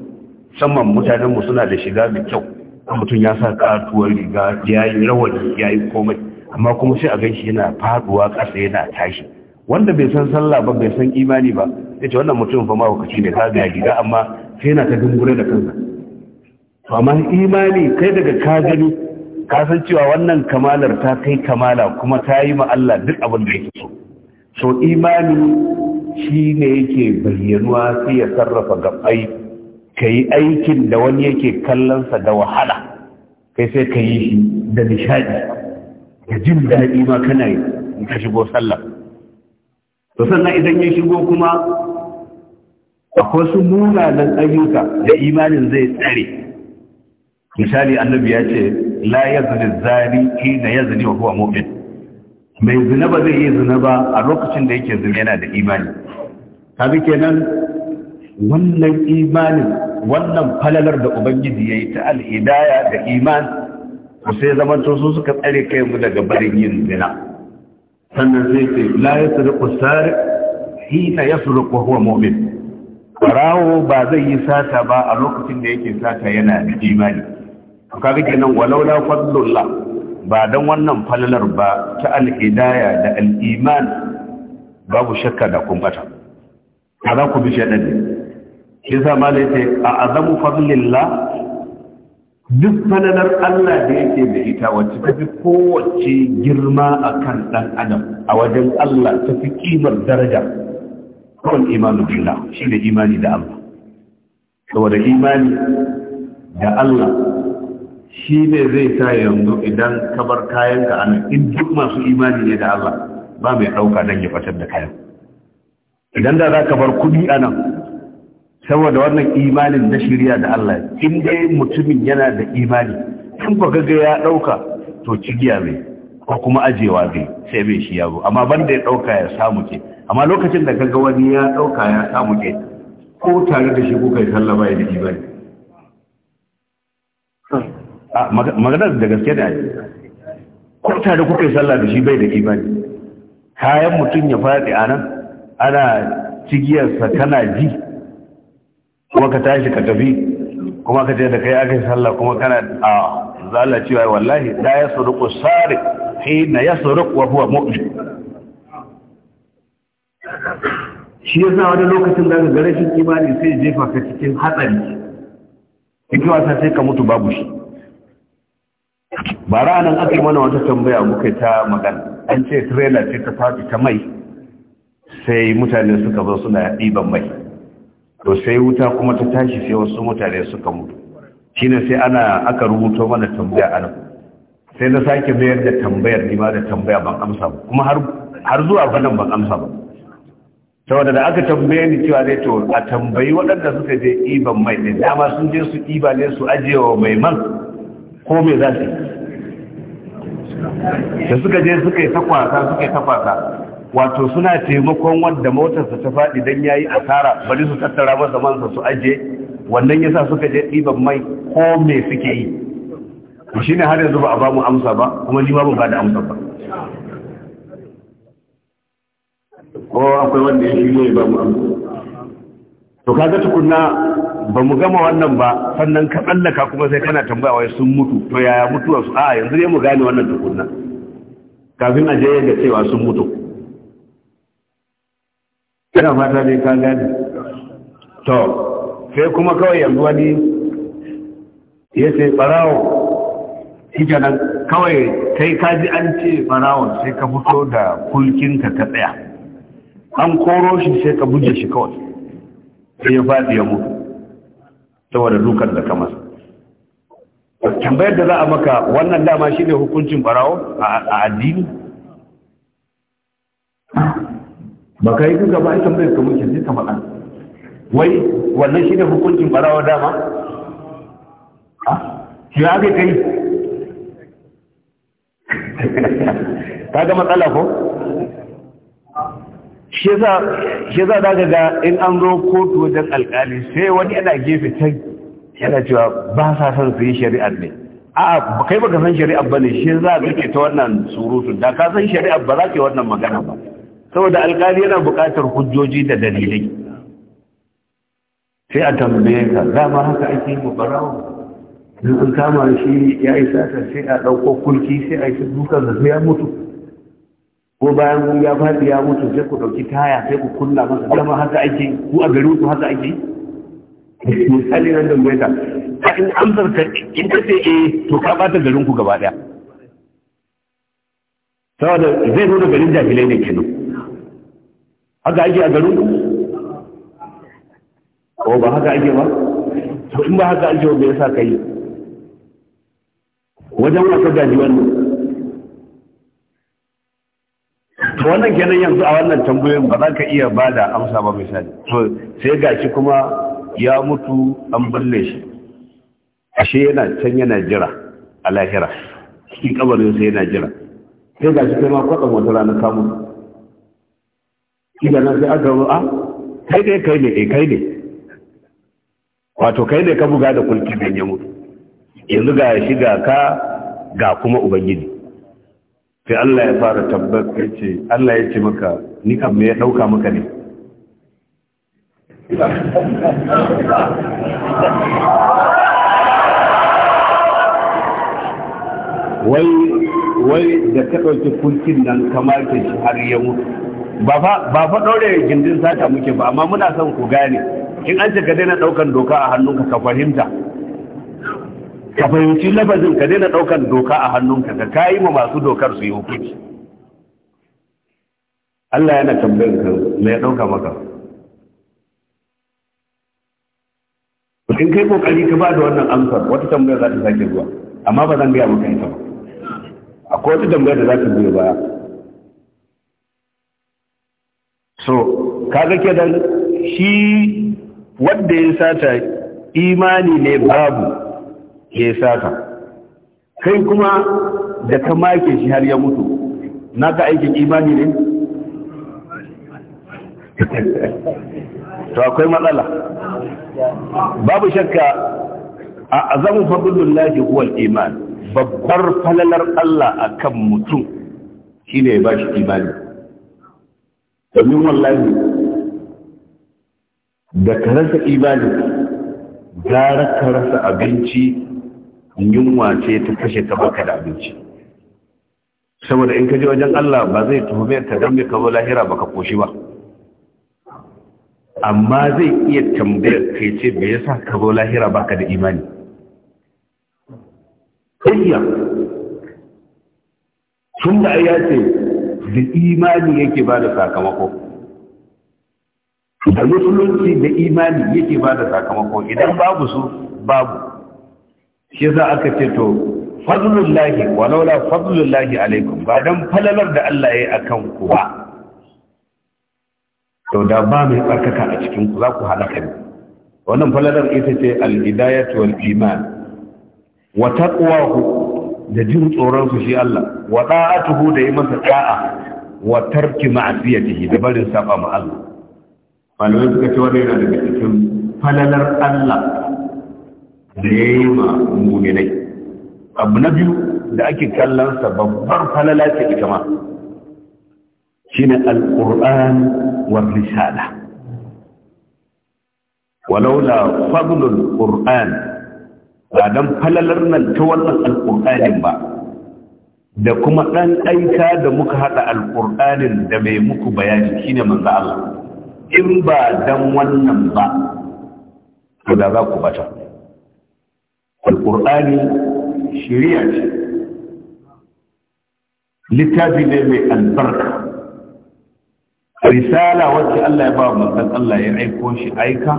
musamman mutanenmu suna da shiga mai kyau mutum ya sa katuwar riga ya yi rawani ya yi komai amma kuma sai a gan shi yana faduwa ƙasa yana tashi wanda bai san sallah ba bai san imani ba ya ce wannan mutum fa mahaukaci ne ta ga riga amma sai yana ta dungure da kansa to amma imani kai daga ka gani ka san cewa wannan kamalar ta kai kamala kuma ta yi ma Allah duk abin da yake so so imani shi ne yake bayyanuwa sai ya sarrafa gabai ka yi aikin da wani yake kallonsa da wahala kai sai ka yi shi da nishadi da jin daɗi ma kana yi ka shigo sallah to sannan idan ya shigo kuma akwai su munanan ayyuka da imanin zai tsare misali annabi ya ce la yazni zani hina yazni wa huwa mu'min mai zina ba zai yi zina ba a lokacin da yake zina yana da imani kaga kenan wannan imanin wannan falalar da ubangiji yayi ta al-hidaya da iman sai zaman to su suka tsare kai mu daga barin yin zina sannan sai ce la yasriqu sariq hina yasriqu wa huwa mu'min barawo ba zai yi sata ba a lokacin da yake sata yana da imani to kaga kenan walawla fadlullah ba dan wannan falalar ba ta al da al-iman babu shakka da kun bata kada ku bi shedan ne shi sa malai sai a azamu fadlillah duk falalar Allah da yake da ita wacce ta fi kowace girma akan dan adam a wajen Allah ta fi kimar daraja kawai imanin billah shi ne imani da Allah saboda imani da Allah shi ne zai sa yanzu idan kabar bar kayanka a nan in duk masu imani ne da Allah ba mai ɗauka don ya fatar da kayan idan da za ka bar kudi a nan saboda wannan imanin na shirya da Allah in dai mutumin yana da imani in ba gaga ya ɗauka to cigiya mai ko kuma ajewa zai sai bai shi zo. amma banda ya ɗauka ya samu ke amma lokacin da kaga wani ya dauka ya samu ke ko tare da shi kuka yi sallah bai da a magana da gaske da ko tare kuka yi sallah da shi bai da ne, kayan mutum ya faɗi a nan ana cigiyarsa kana ji kuma ka tashi ka tafi kuma ka ce da kai aka yi sallah kuma kana a zala cewa wallahi da ya suruku sare na ya suruku wa huwa mu'min shi ya sa wani lokacin da ga rashin imani sai jefa ka cikin hatsari in wasa sai ka mutu babu shi ba ranar aka mana wata tambaya muka ta magana an ce trela ce ta fadi ta mai sai mutane suka zo suna ɗiban mai to sai wuta kuma ta tashi sai wasu mutane suka mutu ne sai ana aka rubuto mana tambaya a nan sai na sake mayar da tambayar ni da tambaya ban amsa ba kuma har zuwa fadan ban amsa ba saboda da aka tambaye ni cewa zai to a tambayi waɗanda suka je ɗiban mai da dama sun je su ɗiba ne su ajiyewa mai man ko me za su da suka je suka yi ta kwasa suka yi ta kwasa wato suna taimakon wanda motarsa ta faɗi don ya yi asara bari su tattara masa mansa su ajiye wannan yasa suka je ɗiban mai ko me suke yi shi ne har yanzu ba a ba mu amsa ba kuma ni ma ba da amsa ba ko akwai wanda ya shirye ba mu abu? to kaga tukunna ba mu gama wannan ba sannan ka tsallaka kuma sai kana tambaya wai sun mutu to yaya mutuwa su a yanzu ne mu gane wannan tukunna kafin a je ga cewa sun mutu kana fata ne ka gane to sai kuma kawai yanzu wani ya ce barawo shike nan kawai kai kaji an ce barawon sai ka fito da kulkinka ka tsaya an koro shi sai ka buge shi kawai sai ya faɗi ya mutu saboda dukan da ka masa tambayar da za a maka wannan dama shi ne hukuncin barawo a addini ba ka yi gaba ba a tambayar ka muke sai ka faɗa wai wannan shi ne hukuncin barawo dama shi ah, ya ga kai ta ga matsala ko shi za daga ga in an zo kotu wajen alkali sai wani yana gefe can yana cewa ba sa son su yi shari'ar ne a kai baka san shari'ar ba ne shi za ka ke ta wannan surutu? da ka san shari'ar ba za ka wannan magana ba saboda alkali yana bukatar hujjoji da dalilai sai a tambaye ka dama haka ake yi mabarawa in an kama shi ya isa sai a ɗauko kulki sai a yi dukan da sai ya mutu ko bayan wuri ya faɗi ya mutu sai ku ɗauki taya sai ku kunna masa dama haka ake ku a garin ku haka ake misali nan da mai ta in amsar ka in ka ce eh to ka bata garin ku gaba ɗaya saboda zai nuna garin jahilai ne kenan haka ake a garin ku ko ba haka ake ba to in ba haka ake ba me yasa kai wajen wasa gaji wannan to wannan kenan yanzu a wannan tambayoyin ba za ka iya ba da amsa ba misali to sai ga shi kuma ya mutu an birne shi ashe yana can yana jira a lahira cikin kabarin sai yana jira sai ga shi kai ma kwatsa wata rana ka mutu idan sai aka ru'a ah, kai ne kai ne eh kai ne wato kai ne ka buga da kulki ganye mutu yanzu ga shi ga ka ga kuma ubangiji sai Allah ya fara tabbas ya ce Allah ya ce maka ni kan me ya dauka maka ne wai da ka dauki kulkin nan kamar ke shi har ya mutu ba fa ba fa daure gindin sata muke ba amma muna son ku gane in an ce ka daina daukan doka a hannunka ka fahimta ka fahimci lafazin ka daina ɗaukar doka a hannunka ka kayi ma masu dokar su yi hukunci Allah yana tambayar ka me ya ɗauka maka in kai kokari ka ba da wannan amsar wata tambayar za ta sake zuwa amma ba zan gaya maka ita ba akwai wata tambayar da za ta zuwa baya so ga kenan shi wanda ya sata imani ne babu ya sata kai kuma da ka make shi har ya mutu Na ka aiki imani ne [LAUGHS] to akwai matsala babu shakka a azamu fadlullahi huwa al-iman babbar falalar Allah akan mutum shine ba shi imani domin wallahi da ka rasa imani gara ka rasa abinci yunwa ce ta kashe ta baka da abinci saboda in ka je wajen Allah ba zai tuhume ta dan mai ka lahira baka koshi ba amma zai iya tambayar kai ce me yasa ka zo lahira baka da imani kayya tun da ya ce da imani yake ba da sakamako da musulunci da imani yake ba da sakamako idan babu su babu shi za aka ce to fadlullahi laula fadlullahi alaikum ba dan falalar da Allah yayi akan ku ba to da ba mai tsarkaka a cikin ku za ku halaka ne wannan falalar ita ce al hidayah wal iman wa taqwahu da jin tsoron su shi Allah wa da'atuhu da yi masa da'a wa tarki ma'asiyatihi da barin saba ma Allah malamai suka ce wannan yana daga cikin falalar Allah da ya yi ma mummunai abu na biyu da ake kallonsa babbar falala ce ita ma shi ne Alƙur'an war risala walaula fadlul ƙur'an ba don falalar nan ta wannan Alƙur'anin ba da kuma ɗan aika da muka hada Alƙur'anin da mai muku bayani shine ne Allah in ba dan wannan ba to da za ku bata alƙur'ani shari'a ce littafi ne mai albarka risala wacce Allah ya ba wa manzon Allah ya aiko shi aika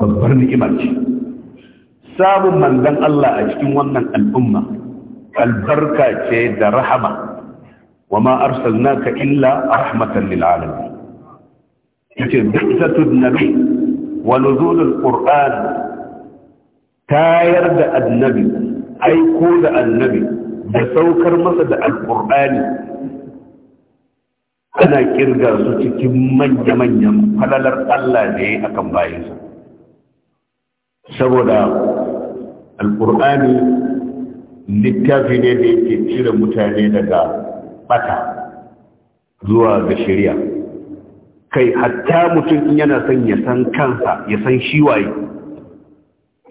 babbar ni'ima ce samun manzon Allah a cikin wannan al'umma albarka ce da rahama wa ma arsalnaka illa rahmatan lil alamin yace bi'satud nabi wa nuzulul qur'an tayar da annabi aiko da annabi da saukar masa da alƙur'ani ana kirga su cikin manya-manyan falalar Allah ne akan bayansa saboda alƙur'ani littafi ne da yake cire mutane daga bata zuwa ga shari'a kai hatta mutum in yana son ya san kansa ya san shi waye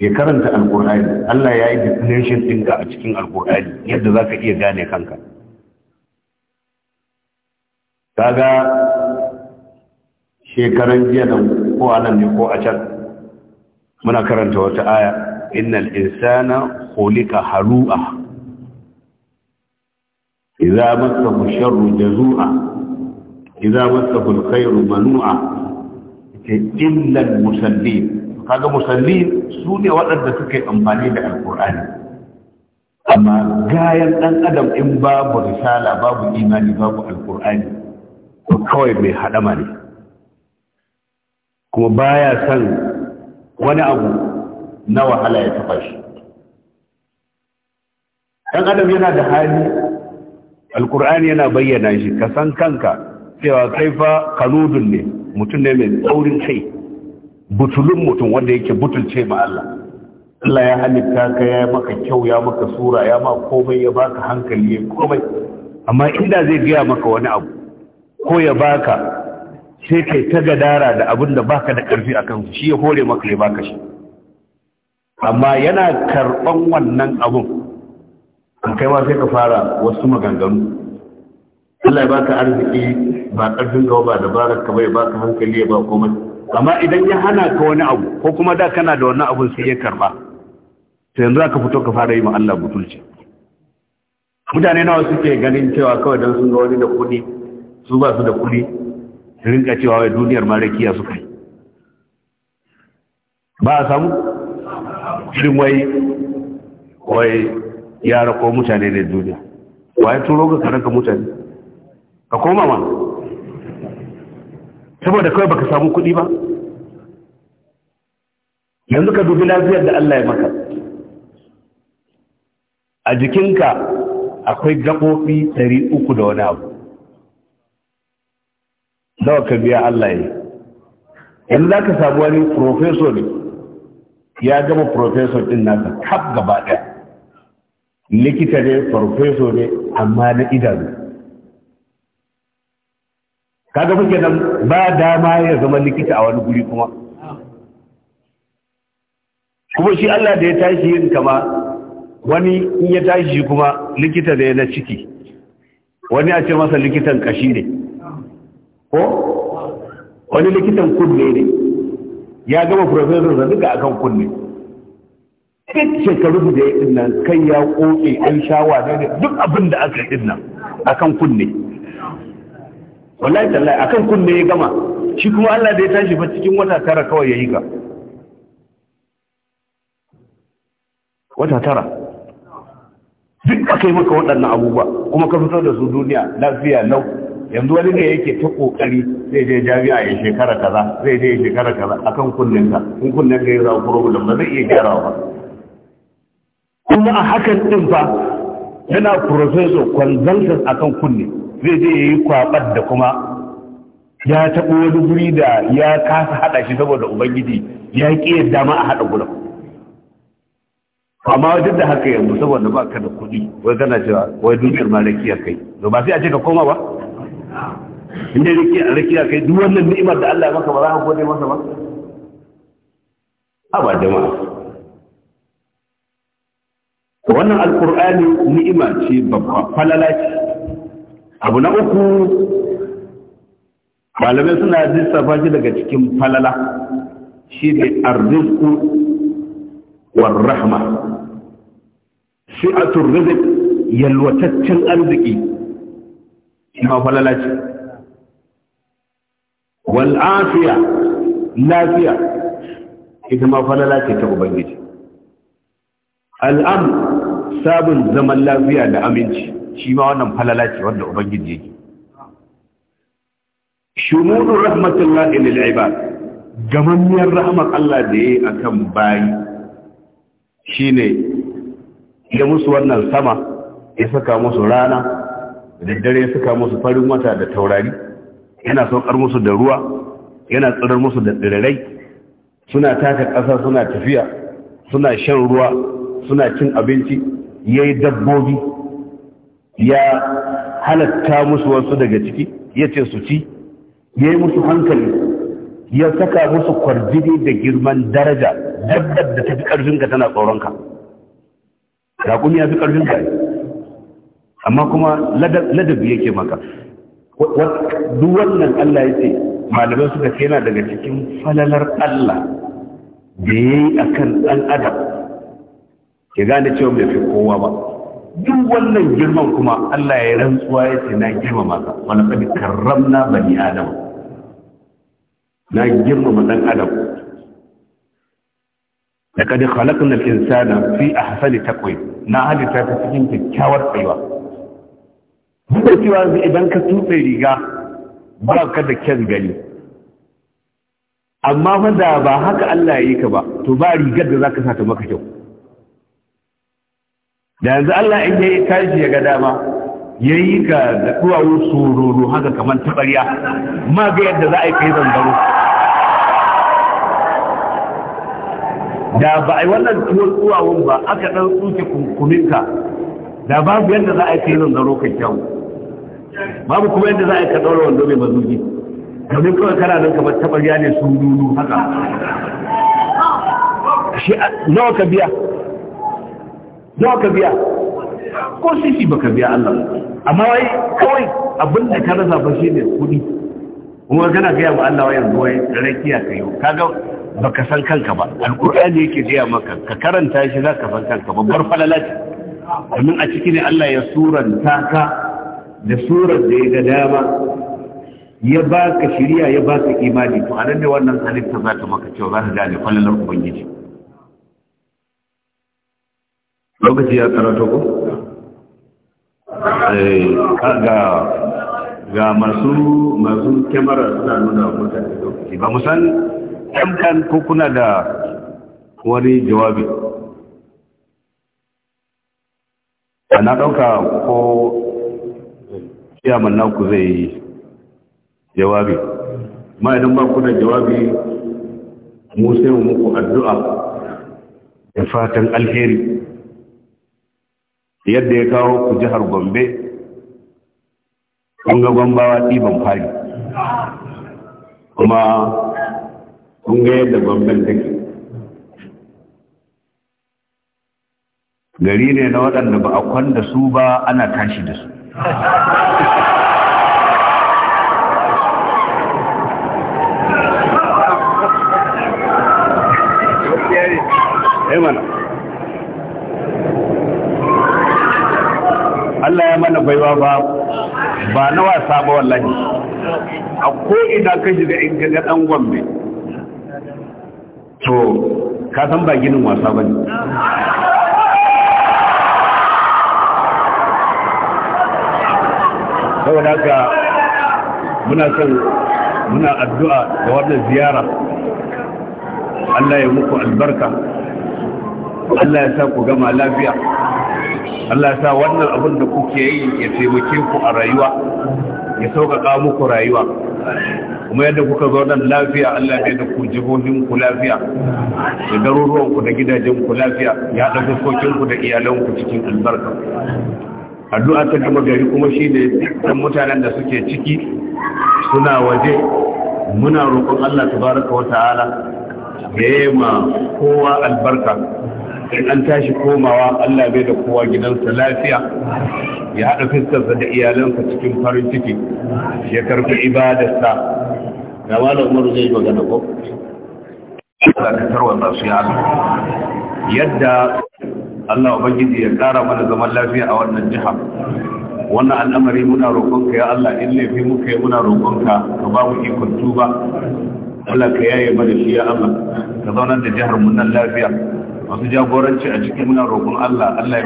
ya karanta alkur'ani Allah ya yi definition ɗinka a cikin alkur'ani yadda za ka iya gane kanka kaga shekaran jiya da ko a nan ne ko a can muna karanta wata aya innal insana khuliqa halu'a idza massahu sharru jazua idza massahu alkhairu manua illa almusallin kaga musallin su ne waɗanda suka yi amfani da alkur'ani amma gayan ɗan adam in babu risala babu imani babu alkur'ani to kawai mai haɗama ne kuma baya son wani abu na wahala ya taɓa shi ɗan adam yana da hali alkur'ani yana bayyana shi ka san kanka cewa kai fa kanudun ne mutum ne mai tsaurin kai butulun mutum wanda yake butulce ma Allah Allah ya halitta ka ya maka kyau ya maka sura ya maka komai ya baka hankali ya komai amma inda zai gaya maka wani abu ko ya baka sai kai ta gadara da abin da baka da karfi akan shi ya hore maka ya baka shi amma yana karban wannan abun an kai ma sai ka fara wasu maganganu Allah ya baka arziki ba karfin gaba ba dabarar ka bai baka hankali ya ba komai amma idan ya hana ka wani abu ko kuma da kana da wani abu sai ya karba to yanzu aka fito ka fara yi ma Allah butulci mutane nawa suke ganin cewa kawai dan sun ga wani da kuɗi su ba su da kuɗi su rinka cewa wai duniyar ma rakiya suka yi ba a samu irin wai wai yara ko mutane ne duniya waye turo ka karanka mutane ka koma mana saboda kawai baka samu kuɗi ba yanzu ka dubi lafiyar da Allah ya maka a jikinka akwai gabobi ɗari uku da wani abu nawa ka biya Allah ya yanzu za ka samu wani ne ya gama profeso ɗin nasa kaf gaba ɗaya likita ne farfeso ne amma na idanu kaga muke nan ba dama ya zama likita a wani guri kuma kuma shi Allah da ya tashi yin kama wani in ya tashi kuma likita da ya na ciki wani a ce masa likitan kashi ne ko wani likitan kunne ne ya gama profesor da duka akan kunne duk shekaru da ya dinnan kai ya koke an shawa da duk abin da aka dinnan akan kunne wallahi tallahi akan kunne ya gama shi kuma Allah da ya tashi fa cikin wata tara kawai yayi ka wata tara duk aka yi maka waɗannan abubuwa kuma ka fito da su duniya lafiya lau yanzu wani ne yake ta kokari zai je jami'a ya shekara kaza zai je shekara kaza akan kunnen ka kun kunnen ka ya zama problem ba zai iya gyara ba kuma a hakan din fa yana professor consultant akan kunne zai je ya yi kwabar da kuma ya taɓo wani guri da ya kasa haɗa shi saboda ubangiji ya ƙi yadda ma a haɗa guda. amma duk da haka yanzu saboda ba ka da kuɗi wai kana cewa wai dukiyar ma rakiya kai to ba sai a ce ka koma ba in dai rakiya rakiya kai duk wannan ni'imar da Allah ya maka ba za ka gode masa ba a ba jama'a wannan alqur'ani ni'ima ce babba falala ce abu na uku malamai suna lissafa shi daga cikin falala shi ne arziku war rahma a rizik yalwataccen arziki shi ma falala ce wal'afiya lafiya ita ma falala ce ta ubangiji al'am sabon zaman lafiya da aminci shi ma wannan falala ce wanda ubangiji yake shumudu rahmatullahi lil ibad gamanniyar rahmar Allah da yayi akan bayi shine ya musu wannan sama ya saka musu rana da dare ya saka musu farin wata da taurari yana saukar musu da ruwa yana tsirar musu da tsirrai suna taka ƙasa suna tafiya suna shan ruwa suna cin abinci yayi dabbobi ya halatta musu wasu daga ciki ya ce su ci ya yi musu hankali ya saka musu kwarjini da girman daraja dabbar da ta fi ƙarfinka tana tsoronka raƙumi ya fi ƙarfinka amma kuma ladabi yake maka duk wannan Allah ya ce malamai suka ce daga cikin falalar Allah da ya yi a kan ɗan adam ke gane cewa bai fi kowa ba duk wannan girman kuma Allah ya rantsuwa ya ce na girma masa wani kadi karramna bani adam na girma dan adam da kadi khalaqna al-insana fi ahsani taqwim na halitta ta cikin kyakkyawar tsayuwa duk da cewa idan ka tutse riga ba ka da kyan gani amma fa da ba haka Allah ya yi ka ba to ba rigar da zaka sa ta maka kyau da yanzu Allah in yayi tashi ya ga dama yayi ka da duwawu sururu haka kamar tabariya ma ga yadda za a yi kai zangaro da ba a yi wannan tuwon duwawun ba aka dan tsuke kunkuminka da babu yadda za a yi kai zangaro kyau. babu kuma yadda za a yi ka ɗaura wando mai mazugi domin kawai kana nan kamar tabariya ne sururu haka shi nawa ka biya nawa ka biya ko sisi ka biya Allah amma wai kawai abinda ka rasa ba shi ne kuɗi kuma kana gaya ma Allah wayan wai rakiya ka yi ba ka san kanka ba alkur'ani yake gaya maka ka karanta shi za ka san kanka babbar falala domin a ciki ne Allah ya suranta ka da surar da ya ga dama ya baka shiriya ya baka imani to nan ne wannan halitta za ta maka cewa za ka gane falalar ubangiji lokaci ya toko? ko eh, ga ga masu masu kyamara suna nuna mutane lokaci ba musan ɗan ko kuna da wani jawabi na ɗauka ko ciyaman naku zai yi jawabi ma ba kuna jawabi mu sai muku addu'a da fatan alheri yadda ya kawo ku jihar gombe kun gombawa ɗiban fari kuma kun yadda gomben take gari ne na waɗanda ba a kwanda su ba ana tashi da su Hey, eh, man. Allah ya mana baiwa ba ba na wasa ba wallahi a ko ina ka shiga in ga dan gombe to ka san ba ginin wasa ba ne saboda ka muna son muna addu'a da wannan ziyara Allah ya muku albarka Allah ya sa ku gama lafiya Allah sa wannan abin da kuke yi ya taimake ku a rayuwa ya sauƙaƙa muku rayuwa kuma yadda kuka zo nan lafiya Allah ya da ku jihohin ku lafiya da garuruwan ku da gidajen ku lafiya ya da fuskokin ku da iyalan ku cikin albarka addu'a ta gama gari kuma shine dukkan mutanen da suke ciki suna waje muna roƙon Allah tabaraka wa ta'ala ya yi ma kowa albarka in an tashi komawa Allah bai da kowa gidansa lafiya ya haɗa fuskarsa da iyalansa cikin farin ciki ya karfi ibadarsa da malam Umar zai magana ko Allah ka za su yi Allah yadda Allah ubangiji ya ƙara mana zaman lafiya a wannan jiha wannan al'amari muna roƙonka ya Allah in laifi muka yi muna roƙonka ka ba mu ikon tuba Allah ka yaye mana shi ya Allah ka zaunar da jihar mu nan lafiya masu jagoranci a cikin muna roƙon Allah Allah ya